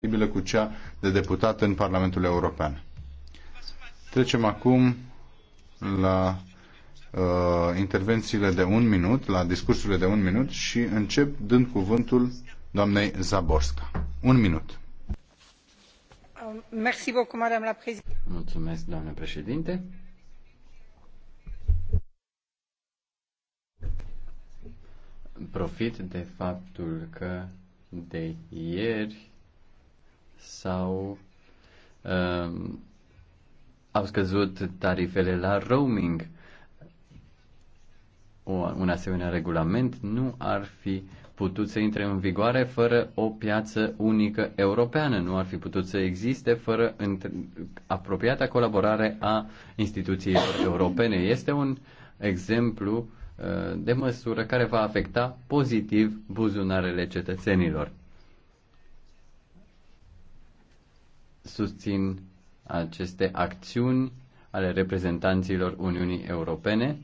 compatibilă cu cea de deputat în Parlamentul European. Trecem acum la uh, intervențiile de un minut, la discursurile de un minut și încep dând cuvântul doamnei Zaborska. Un minut. Um, Mulțumesc, doamne președinte. Profit de faptul că de ieri sau uh, au scăzut tarifele la roaming. O, un asemenea regulament nu ar fi putut să intre în vigoare fără o piață unică europeană, nu ar fi putut să existe fără între... apropiata colaborare a instituțiilor europene. Este un exemplu uh, de măsură care va afecta pozitiv buzunarele cetățenilor. susțin aceste acțiuni ale reprezentanților Uniunii Europene.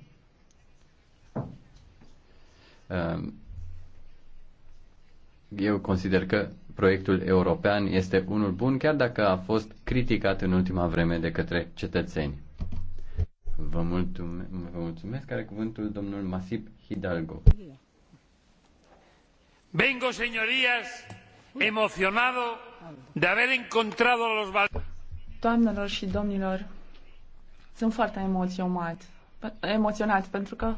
Ehm, eu consider că proiectul european este unul bun, chiar dacă a fost criticat în ultima vreme de către cetățeni. Vă mulțumesc, vă mulțumesc are cuvântul domnul Masip Hidalgo. Vengo, señorías, emoționat de haber encontrado los Doamnelor și domnilor, sunt foarte emoționat, emoționat pentru că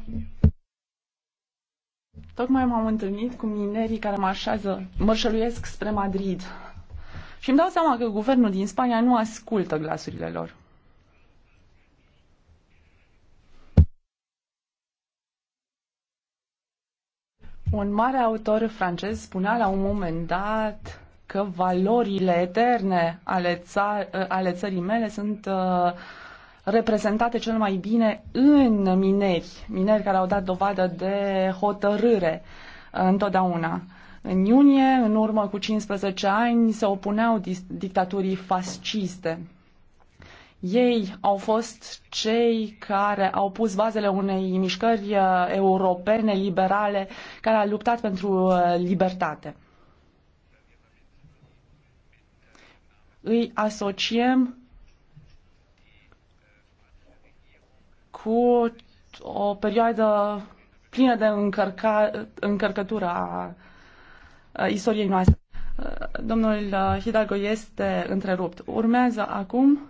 tocmai m-am întâlnit cu minerii care marșează, mărșăluiesc spre Madrid. Și îmi dau seama că guvernul din Spania nu ascultă glasurile lor. Un mare autor francez spunea la un moment dat că valorile eterne ale, ța- ale țării mele sunt uh, reprezentate cel mai bine în mineri, mineri care au dat dovadă de hotărâre uh, întotdeauna. În iunie, în urmă cu 15 ani, se opuneau dictaturii fasciste. Ei au fost cei care au pus bazele unei mișcări uh, europene liberale care a luptat pentru uh, libertate. Îi asociem cu o perioadă plină de încărca, încărcătură a, istoriei noastre. Uh, domnul Hidalgo este întrerupt. Urmează acum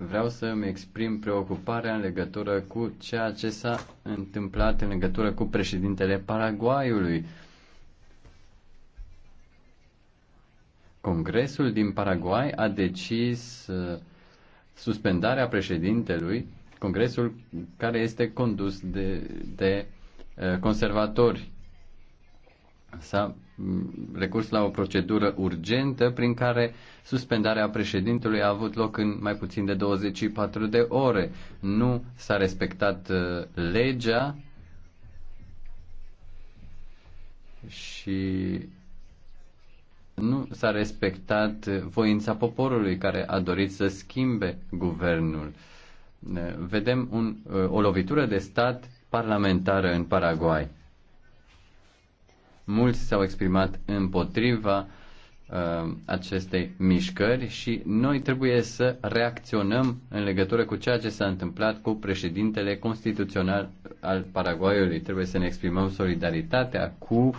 Vreau să îmi exprim preocuparea în legătură cu ceea ce s-a întâmplat în legătură cu președintele Paraguayului. Congresul din Paraguay a decis uh, suspendarea președintelui, congresul care este condus de, de uh, conservatori. S-a recurs la o procedură urgentă prin care suspendarea președintelui a avut loc în mai puțin de 24 de ore. Nu s-a respectat uh, legea și nu s-a respectat uh, voința poporului care a dorit să schimbe guvernul. Uh, vedem un, o lovitură de stat parlamentară în Paraguay. Mulți s-au exprimat împotriva uh, acestei mișcări și noi trebuie să reacționăm în legătură cu ceea ce s-a întâmplat cu președintele constituțional al Paraguayului. Trebuie să ne exprimăm solidaritatea cu uh,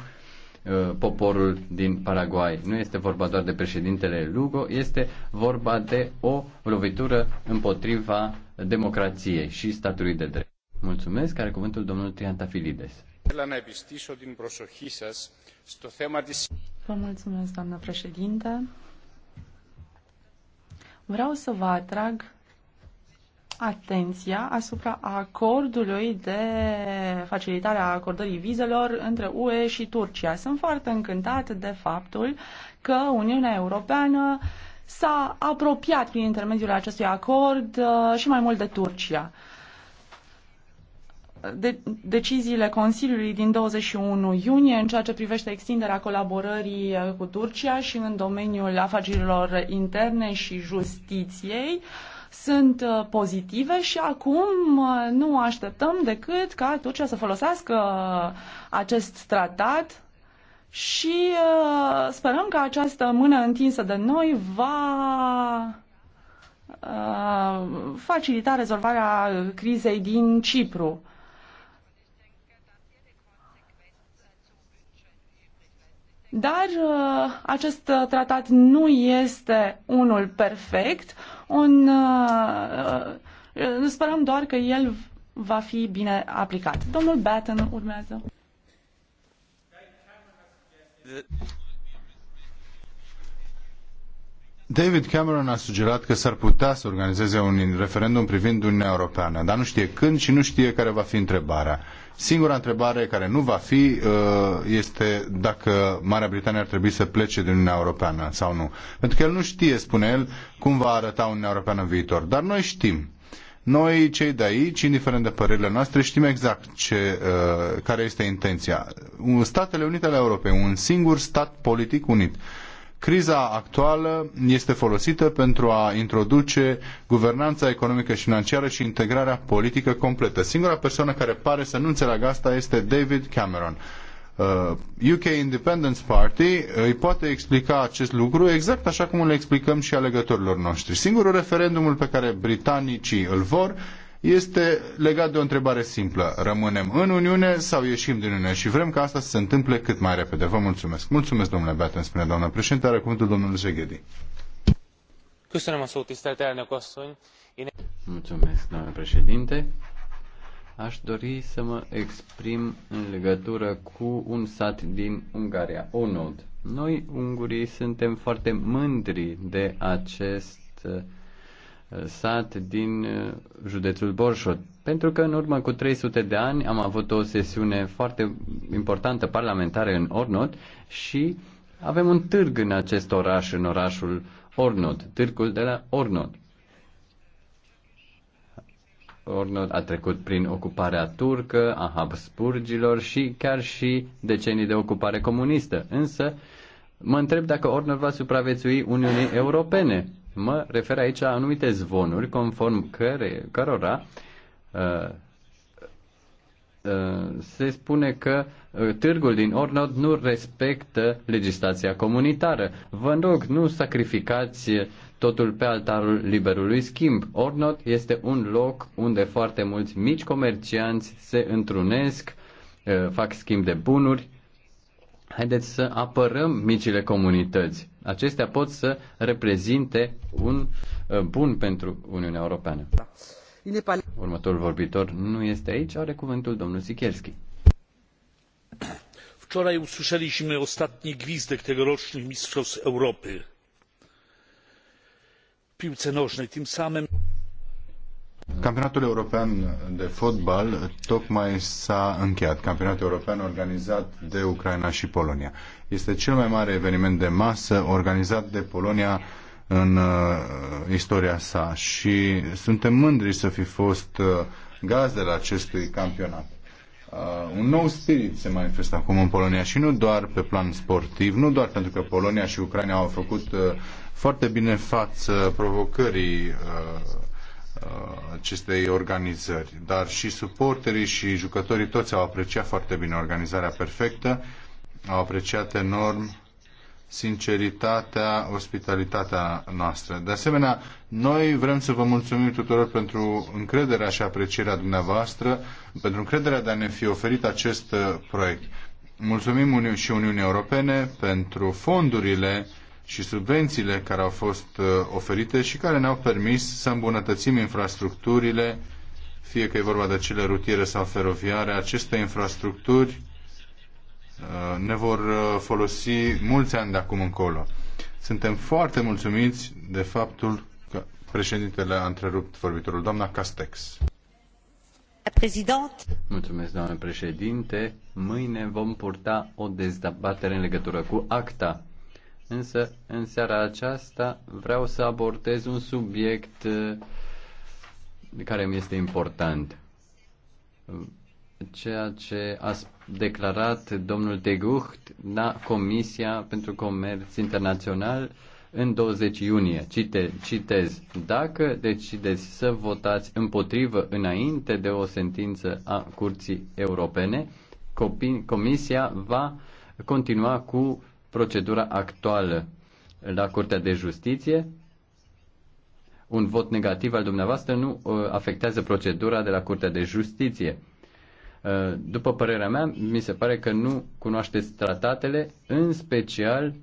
poporul din Paraguay. Nu este vorba doar de președintele Lugo, este vorba de o lovitură împotriva democrației și statului de drept. Mulțumesc, are cuvântul domnul Triantafilides. Ήθελα να επιστήσω την προσοχή σας στο θέμα της... mulțumesc, doamnă președinte. Vreau să vă atrag atenția asupra acordului de facilitare a acordării vizelor între UE și Turcia. Sunt foarte încântat de faptul că Uniunea Europeană s-a apropiat prin intermediul acestui acord uh, și mai mult de Turcia de, deciziile Consiliului din 21 iunie în ceea ce privește extinderea colaborării uh, cu Turcia și în domeniul afacerilor interne și justiției sunt uh, pozitive și acum uh, nu așteptăm decât ca Turcia să folosească acest tratat și sperăm că această mână întinsă de noi va facilita rezolvarea crizei din Cipru. Dar uh, acest uh, tratat nu este unul perfect. Un, uh, sperăm doar că el va fi bine aplicat. Domnul Batten urmează. David Cameron a sugerat că s-ar putea să organizeze un referendum privind Uniunea Europeană, dar nu știe când și nu știe care va fi întrebarea. Singura întrebare care nu va fi uh, este dacă Marea Britanie ar trebui să plece din Uniunea Europeană sau nu. Pentru că el nu știe, spune el, cum va arăta Uniunea Europeană în viitor. Dar noi știm. Noi, cei de aici, indiferent de părerile noastre, știm exact ce, uh, care este intenția. Statele Unite ale Europei, un singur stat politic unit Criza actuală este folosită pentru a introduce guvernanța economică și financiară și integrarea politică completă. Singura persoană care pare să nu înțeleagă asta este David Cameron. UK uh, Independence Party îi poate explica acest lucru exact așa cum îl explicăm și alegătorilor noștri. Singurul referendumul pe care britanicii îl vor este legat de o întrebare simplă. Rămânem în Uniune sau ieșim din Uniune? Și vrem ca asta să se întâmple cât mai repede. Vă mulțumesc. Mulțumesc, domnule Batten, spune doamna președinte. Are cuvântul domnul Zeghedi. Mulțumesc, doamna președinte. Aș dori să mă exprim în legătură cu un sat din Ungaria, Onod. Noi, ungurii, suntem foarte mândri de acest uh, sat din uh, județul Borșot, Pentru că în urmă cu 300 de ani am avut o sesiune foarte importantă parlamentară în Ornod și avem un târg în acest oraș, în orașul Ornod, târgul de la Ornod. Ornod a trecut prin ocuparea turcă, a Habsburgilor și chiar și decenii de ocupare comunistă. Însă, mă întreb dacă Ornod va supraviețui Uniunii Europene Mă refer aici la anumite zvonuri conform căre, cărora uh, uh, se spune că uh, târgul din Ornod nu respectă legislația comunitară. Vă rog, nu sacrificați totul pe altarul liberului schimb. Ornod este un loc unde foarte mulți mici comercianți se întrunesc, uh, fac schimb de bunuri. Haideți să apărăm micile comunități acestea pot să reprezinte un uh, bun pentru Uniunea Europeană. Următorul vorbitor nu este aici, are cuvântul domnul Sikierski. Wczoraj usłyszeliśmy ostatni gwizdek tegorocznych Mistrzostw Europy w piłce nożnej. Tym samym Campionatul European de Fotbal tocmai s-a încheiat. Campionatul European organizat de Ucraina și Polonia. Este cel mai mare eveniment de masă organizat de Polonia în uh, istoria sa și suntem mândri să fi fost uh, gazdele acestui campionat. Uh, un nou spirit se manifestă acum în Polonia și nu doar pe plan sportiv, nu doar pentru că Polonia și Ucraina au făcut uh, foarte bine față provocării uh, Uh, acestei organizări. Dar și suporterii și jucătorii toți au apreciat foarte bine organizarea perfectă, au apreciat enorm sinceritatea, ospitalitatea noastră. De asemenea, noi vrem să vă mulțumim tuturor pentru încrederea și aprecierea dumneavoastră, pentru încrederea de a ne fi oferit acest uh, proiect. Mulțumim și Uniunii Europene pentru fondurile și subvențiile care au fost uh, oferite și care ne-au permis să îmbunătățim infrastructurile, fie că e vorba de cele rutiere sau feroviare, aceste infrastructuri uh, ne vor uh, folosi mulți ani de acum încolo. Suntem foarte mulțumiți de faptul că președintele a întrerupt vorbitorul, doamna Castex. Prezident. Mulțumesc, doamnă președinte. Mâine vom purta o dezbatere în legătură cu acta Însă, în seara aceasta, vreau să abordez un subiect uh, care mi este important. Ceea ce a declarat domnul de Gucht la Comisia pentru Comerț Internațional în 20 iunie. Cite, citez, dacă decideți să votați împotrivă înainte de o sentință a Curții Europene, Comisia va continua cu procedura actuală la Curtea de Justiție. Un vot negativ al dumneavoastră nu uh, afectează procedura de la Curtea de Justiție. Uh, după părerea mea, mi se pare că nu cunoașteți tratatele, în special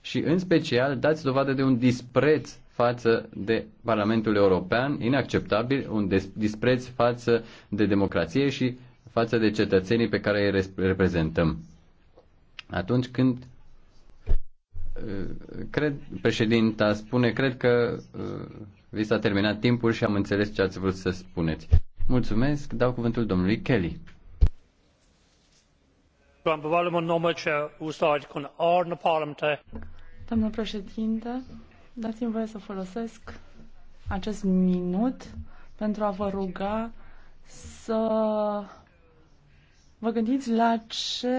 și în special dați dovadă de un dispreț față de Parlamentul European, inacceptabil, un dispreț față de democrație și față de cetățenii pe care îi reprezentăm atunci când uh, cred, președinta spune, cred că uh, vi s-a terminat timpul și am înțeles ce ați vrut să spuneți. Mulțumesc, dau cuvântul domnului Kelly. Doamnă președinte, dați-mi voie să folosesc acest minut pentru a vă ruga să vă gândiți la ce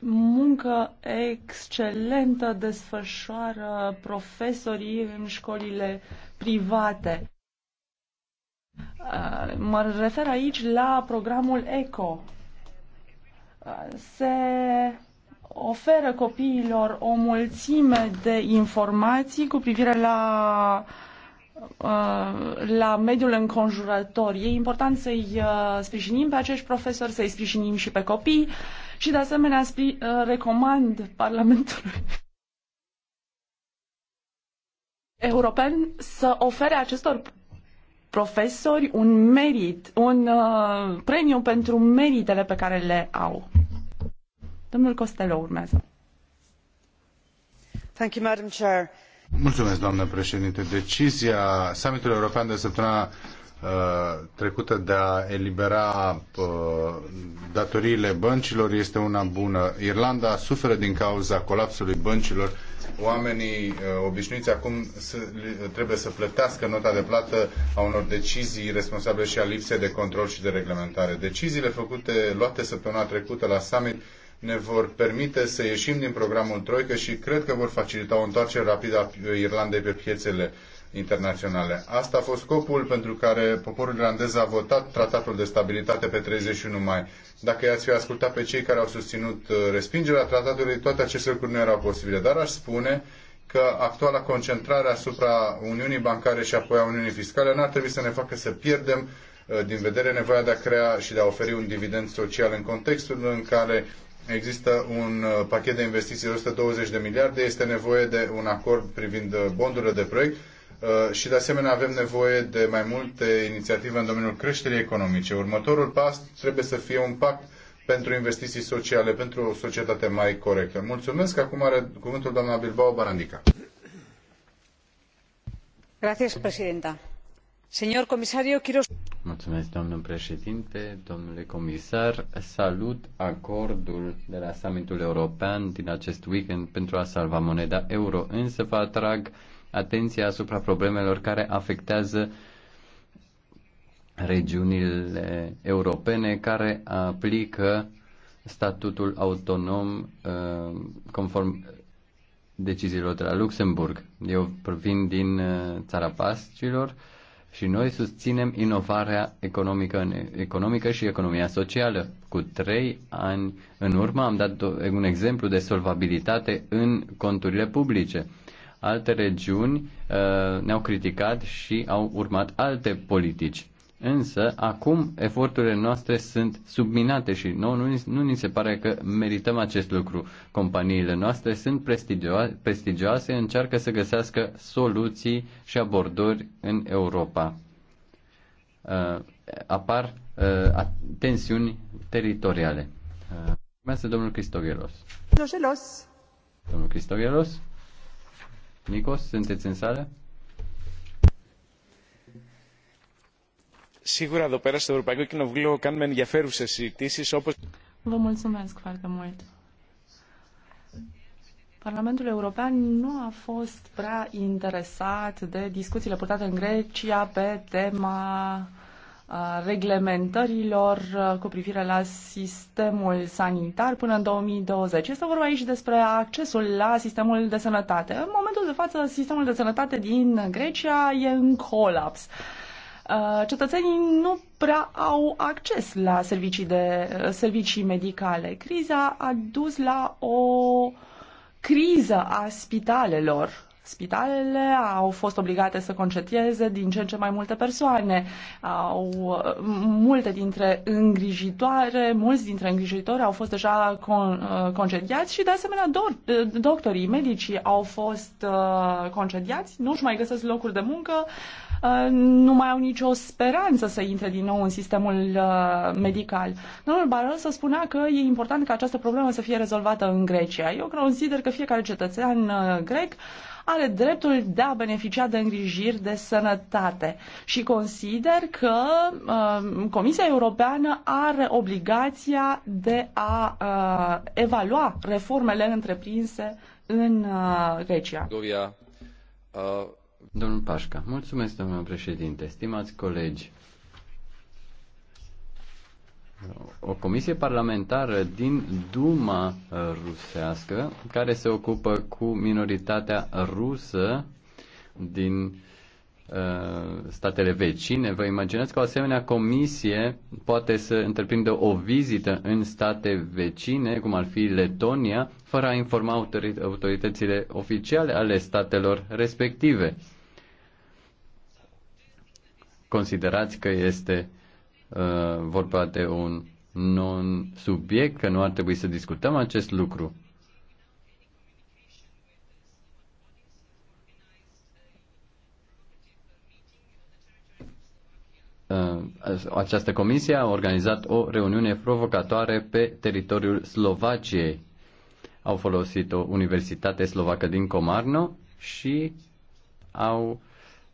muncă excelentă desfășoară profesorii în școlile private. Uh, mă refer aici la programul ECO. Uh, se oferă copiilor o mulțime de informații cu privire la uh, la mediul înconjurător. E important să-i sprijinim pe acești profesori, să-i sprijinim și pe copii, și de asemenea spi, uh, recomand Parlamentului European să ofere acestor profesori un merit, un uh, premiu pentru meritele pe care le au. Domnul Costello urmează. Thank you, Madam Chair. Mulțumesc, doamnă președinte. Decizia summitului european de săptămâna Uh, trecută de a elibera uh, datoriile băncilor este una bună. Irlanda suferă din cauza colapsului băncilor. Oamenii uh, obișnuiți acum trebuie să plătească nota de plată a unor decizii responsabile și a lipsei de control și de reglementare. Deciziile făcute, luate săptămâna trecută la summit, ne vor permite să ieșim din programul Troică și cred că vor facilita o întoarcere rapidă a Irlandei pe piețele uh, internaționale. Asta a fost scopul pentru care poporul irlandez a votat tratatul de stabilitate pe 31 mai. Dacă i-ați fi ascultat pe cei care au susținut uh, respingerea tratatului, toate aceste lucruri nu erau posibile. Dar aș spune că actuala concentrare asupra Uniunii Bancare și apoi a Uniunii Fiscale n-ar trebui să ne facă să pierdem uh, din vedere nevoia de a crea și de a oferi un dividend social în contextul în care există un uh, pachet de investiții de 120 de miliarde, este nevoie de un acord privind bondurile de proiect Uh, și de asemenea avem nevoie de mai multe inițiative în domeniul creșterii economice. Următorul pas trebuie să fie un pact pentru investiții sociale, pentru o societate mai corectă. Mulțumesc. Acum are cuvântul doamna Bilbao Barandica. Gracias, presidenta. Señor comisario, quiero... Mulțumesc, domnul președinte, domnule comisar. Salut acordul de la summitul european din acest weekend pentru a salva moneda euro, însă vă atrag atenția asupra problemelor care afectează regiunile europene care aplică statutul autonom uh, conform deciziilor de la Luxemburg. Eu provin din uh, țara Pascilor și noi susținem inovarea economică, economică și economia socială. Cu trei ani în urmă am dat un exemplu de solvabilitate în conturile publice alte regiuni uh, ne-au criticat și au urmat alte politici. Însă, acum eforturile noastre sunt subminate și nu, nu, nu ni se pare că merităm acest lucru. Companiile noastre sunt prestigioase, prestigioase încearcă să găsească soluții și abordări în Europa. Uh, apar uh, tensiuni teritoriale. Uh, Mulțumesc, domnul Cristogelos. Domnul Cristogelos. Nicos, sunteți în sală? Sigur, a εδώ πέρα στο Ευρωπαϊκό Κοινοβούλιο κάνουμε ενδιαφέρουσε συζητήσει όπω. Vă mulțumesc foarte mult. Parlamentul European nu a fost prea interesat de discuțiile purtate în Grecia pe tema reglementărilor uh, cu privire la sistemul sanitar până în 2020. Este vorba aici despre accesul la sistemul de sănătate. În momentul de față, sistemul de sănătate din Grecia e în colaps. Uh, cetățenii nu prea au acces la servicii, de, uh, servicii medicale. Criza a dus la o criză a spitalelor Spitalele au fost obligate să concetieze din ce în ce mai multe persoane. Au, multe dintre îngrijitoare, mulți dintre îngrijitori au fost deja con, uh, concediați și de asemenea do, uh, doctorii, medicii au fost uh, concediați, nu-și mai găsesc locuri de muncă, uh, nu mai au nicio speranță să intre din nou în sistemul uh, medical. Domnul să spunea că e important ca această problemă să fie rezolvată în Grecia. Eu consider că fiecare cetățean uh, grec are dreptul de a beneficia de îngrijiri de sănătate și consider că uh, Comisia Europeană are obligația de a uh, evalua reformele întreprinse în uh, Grecia. Uh, Domnul Pașca, mulțumesc, domnule președinte, stimați colegi o comisie parlamentară din Duma uh, rusească care se ocupă cu minoritatea rusă din uh, statele vecine. Vă imaginați că o asemenea comisie poate să întreprindă o vizită în state vecine, cum ar fi Letonia, fără a informa autoritățile oficiale ale statelor respective. Considerați că este uh, Uh, vorba de un non-subiect, că nu ar trebui să discutăm acest lucru. Uh, această comisie a organizat o reuniune provocatoare pe teritoriul Slovaciei. Au folosit o universitate slovacă din Comarno și au uh,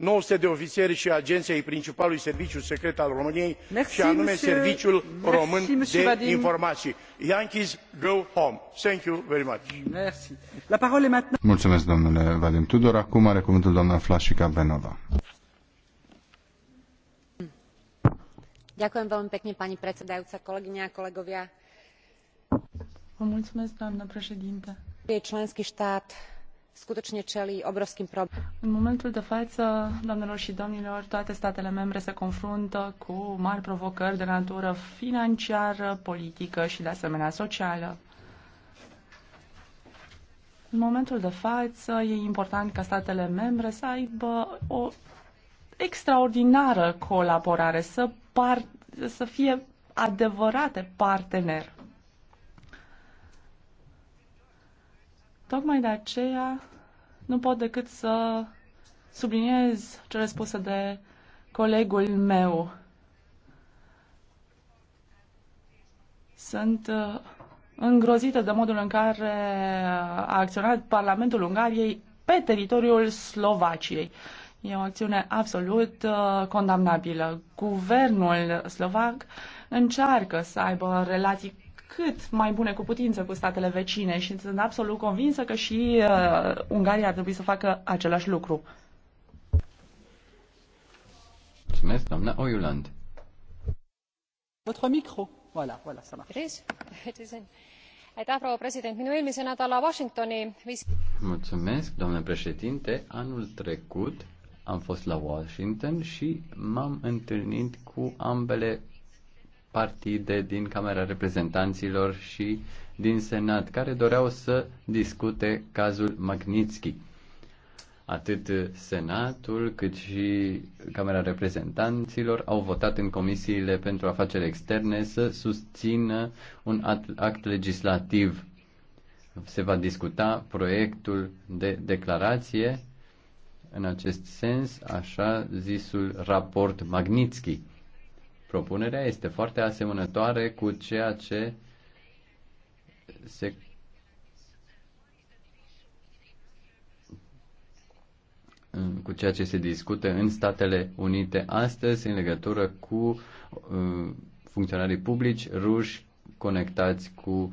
nouă sute de ofițeri și agenți ai principalului serviciu secret al româniei și anume serviciul român de informații. yankees go home! Thank you very much. Mulțumesc, domnule Vadim Tudor. Acum are cuvântul doamna Flașica Benova. Ďakujem veľmi pekne, pani predsedajúca, kolegyne a kolegovia. Vă mulțumesc, doamnă președinte. Členský štát skutočne čelí obrovským problémom. În momentul de față, statele membre se confruntă cu de natură financiară, politică și de asemenea socială. În momentul de față, e important ca statele membre să aibă o extraordinară colaborare, să, par, să fie adevărate parteneri Tocmai de aceea nu pot decât să subliniez cele spuse de colegul meu. Sunt uh, îngrozită de modul în care a acționat Parlamentul Ungariei pe teritoriul Slovaciei. E o acțiune absolut uh, condamnabilă. Guvernul slovac încearcă să aibă relații cât mai bune cu putință cu statele vecine și sunt absolut convinsă că și uh, Ungaria ar trebui să facă același lucru. Mulțumesc, doamna Oiuland. Votre micro. Voilà, voilà, ça marche. Aitäh, proua president. Minu eelmise nädala Washingtoni vis... Mulțumesc, doamnă președinte. Anul trecut am fost la Washington și m-am întâlnit cu ambele partide din Camera Reprezentanților și din Senat, care doreau să discute cazul Magnitsky. Atât Senatul cât și Camera Reprezentanților au votat în comisiile pentru afaceri externe să susțină un act legislativ. Se va discuta proiectul de declarație în acest sens, așa zisul raport Magnitsky. Propunerea este foarte asemănătoare cu ceea ce se cu ceea ce se discută în Statele Unite astăzi în legătură cu uh, funcționarii publici ruși conectați cu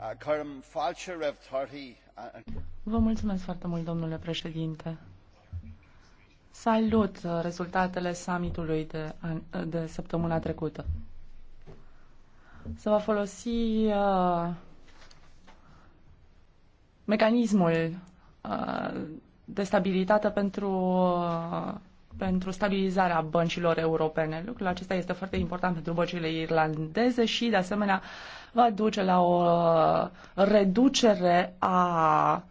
Uh, uh, uh, Vă mulțumesc foarte mult, domnule președinte. Salut rezultatele summitului de, de săptămâna trecută. Se va folosi uh, mecanismul uh, de stabilitate pentru uh, pentru stabilizarea băncilor europene. Lucrul acesta este foarte important pentru băncile irlandeze și, de asemenea, va duce la o uh, reducere a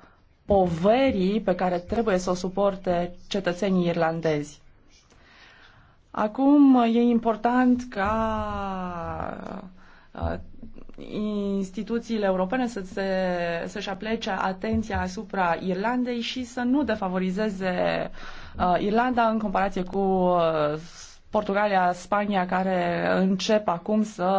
poverii pe care trebuie să o suporte cetățenii irlandezi. Acum e important ca uh, instituțiile europene să se, să-și aplece atenția asupra Irlandei și să nu defavorizeze uh, Irlanda în comparație cu uh, Portugalia, Spania, care încep acum să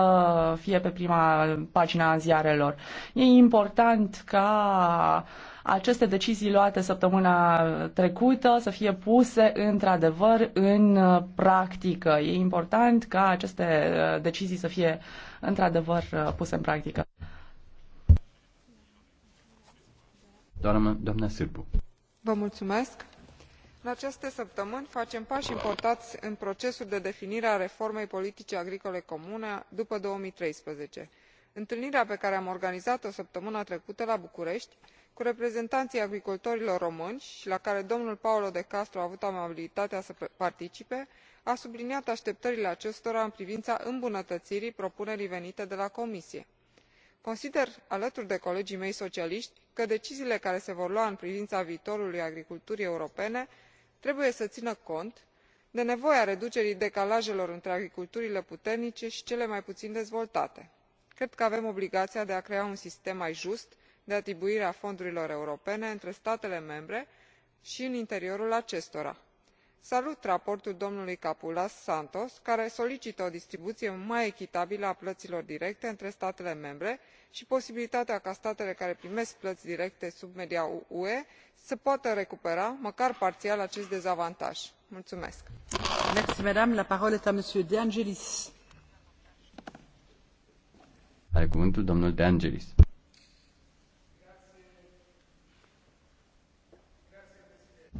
fie pe prima pagina ziarelor. E important ca uh, aceste decizii luate săptămâna trecută să fie puse într-adevăr în uh, practică. E important ca aceste uh, decizii să fie într-adevăr uh, puse în practică. Doamna, doamna Sârbu. Vă mulțumesc. În aceste săptămâni facem pași importanți în procesul de definire a reformei politice agricole comune după. 2013. întâlnirea pe care am organizat o săptămâna trecută la bucurești cu reprezentanii agricultorilor români la care domnul paolo de castro a avut amabilitatea să participe a subliniat ateptările acestora în privina îmbunătăirii propunerii venite de la comisie. consider alături de colegii mei socialiti că deciziile care se vor lua în privina viitorului agriculturii europene trebuie să ină cont de nevoia reducerii decalajelor între agriculturile puternice i cele mai puin dezvoltate. cred că avem obligaia de a crea un sistem mai just de atribuire a fondurilor europene între statele membre i în interiorul acestora. salut raportul domnului capoulas santos care solicită o distribuie mai echitabilă a plăilor directe între statele membre i posibilitatea ca statele care primesc plăi directe sub media ue să poată recupera măcar parial acest dezavantaj. mulumesc.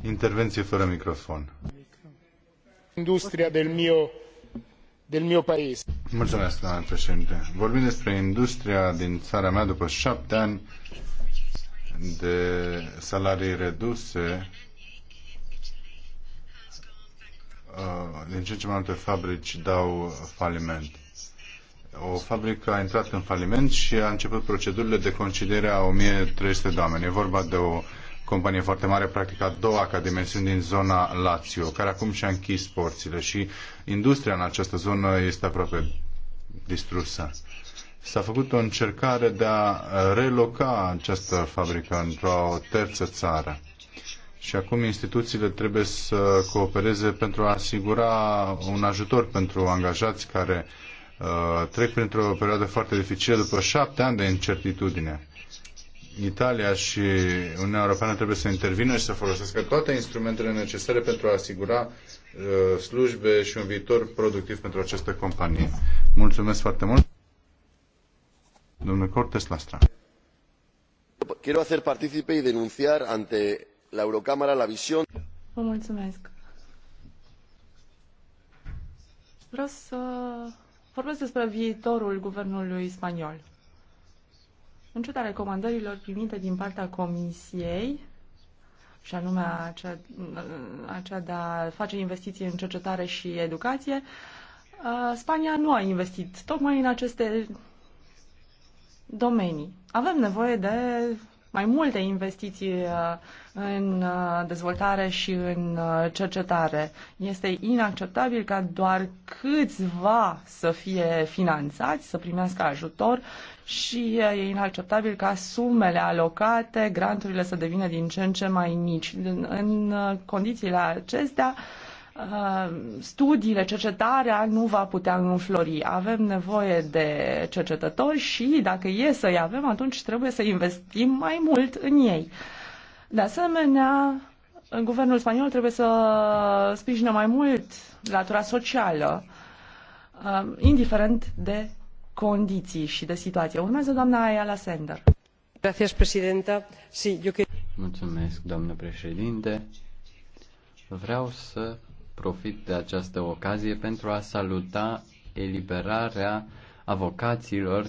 Intervenție fără microfon. Industria del mio del mio paese. Mulțumesc, doamnă președinte. Vorbim despre industria din țara mea după șapte ani de salarii reduse, uh, din ce în ce mai multe fabrici dau faliment. O fabrică a intrat în faliment și a început procedurile de concediere a 1300 de oameni. E vorba de o companie foarte mare, practic a doua ca dimensiuni din zona Lazio, care acum și-a închis porțile și industria în această zonă este aproape distrusă. S-a făcut o încercare de a reloca această fabrică într-o terță țară. Și acum instituțiile trebuie să coopereze pentru a asigura un ajutor pentru angajați care uh, trec printr-o perioadă foarte dificilă după șapte ani de incertitudine Italia și Uniunea Europeană trebuie să intervină și să folosească toate instrumentele necesare pentru a asigura uh, slujbe și un viitor productiv pentru această companie. Mulțumesc foarte mult. Domnul Cortes Lastra. Quiero hacer partícipe y denunciar ante la Eurocámara la visión. Vă mulțumesc. Vreau să vorbesc despre viitorul guvernului spaniol. În ciuda recomandărilor primite din partea Comisiei, și anume acea, acea de a face investiții în cercetare și educație, Spania nu a investit tocmai în aceste domenii. Avem nevoie de mai multe investiții uh, în uh, dezvoltare și în uh, cercetare. Este inacceptabil ca doar câțiva să fie finanțați, să primească ajutor și e inacceptabil ca sumele alocate, granturile să devină din ce în ce mai mici. În condițiile acestea, Uh, studiile, cercetarea nu va putea înflori. Avem nevoie de cercetători și dacă e să-i avem, atunci trebuie să investim mai mult în ei. De asemenea, guvernul spaniol trebuie să sprijine mai mult latura socială, uh, indiferent de condiții și de situație. Urmează doamna Ayala Sender. Mulțumesc, doamnă președinte. Vreau să profit de această ocazie pentru a saluta eliberarea avocaților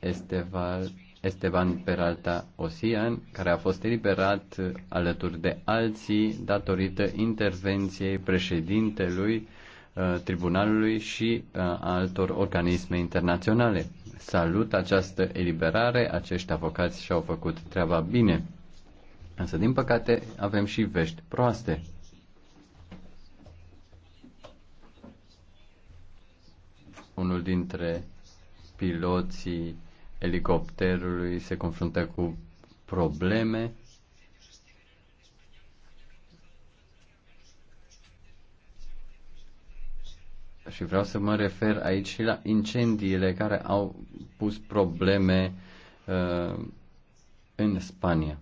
Esteval, Esteban Peralta Osian, care a fost eliberat alături de alții datorită intervenției președintelui uh, tribunalului și uh, altor organisme internaționale. Salut această eliberare, acești avocați și-au făcut treaba bine. Însă, din păcate, avem și vești proaste. unul dintre piloții elicopterului se confruntă cu probleme și vreau să mă refer aici și la incendiile care au pus probleme uh, în Spania.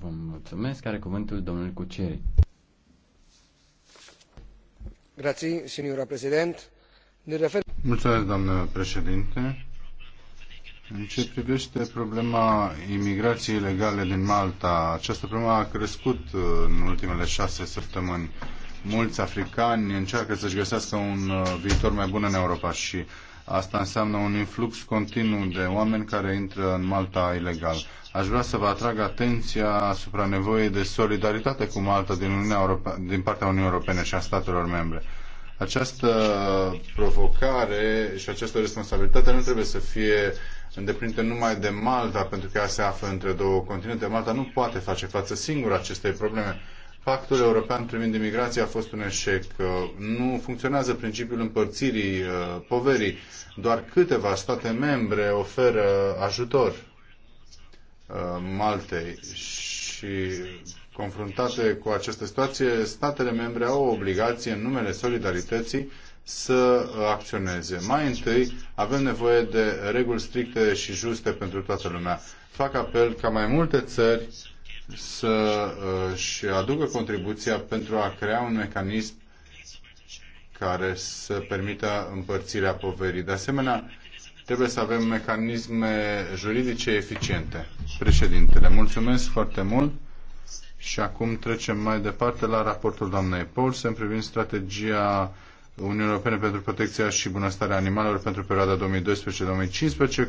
Vă mulțumesc. Are cuvântul domnul Cuceri președinte în ce privește problema imigrației ilegale din Malta, această problemă a crescut uh, în ultimele șase săptămâni. Mulți africani încearcă să-și găsească un uh, viitor mai bun în Europa și asta înseamnă un influx continuu de oameni care intră în Malta ilegal. Aș vrea să vă atrag atenția asupra nevoii de solidaritate cu Malta din, Uniunea Europe- din partea Uniunii Europene și a statelor membre. Această provocare și această responsabilitate nu trebuie să fie îndeplinită numai de Malta, pentru că ea se află între două continente. Malta nu poate face față singură acestei probleme. Pactul european privind imigrația a fost un eșec. Nu funcționează principiul împărțirii uh, poverii. Doar câteva state membre oferă ajutor Uh, Maltei și confruntate cu această situație, statele membre au o obligație în numele solidarității să uh, acționeze. Mai întâi, avem nevoie de reguli stricte și juste pentru toată lumea. Fac apel ca mai multe țări să-și uh, aducă contribuția pentru a crea un mecanism care să permită împărțirea poverii. De asemenea, Trebuie să avem mecanisme juridice eficiente. Președintele, mulțumesc foarte mult. Și acum trecem mai departe la raportul doamnei Paulsen privind strategia Uniunii Europene pentru protecția și bunăstarea animalelor pentru perioada 2012-2015.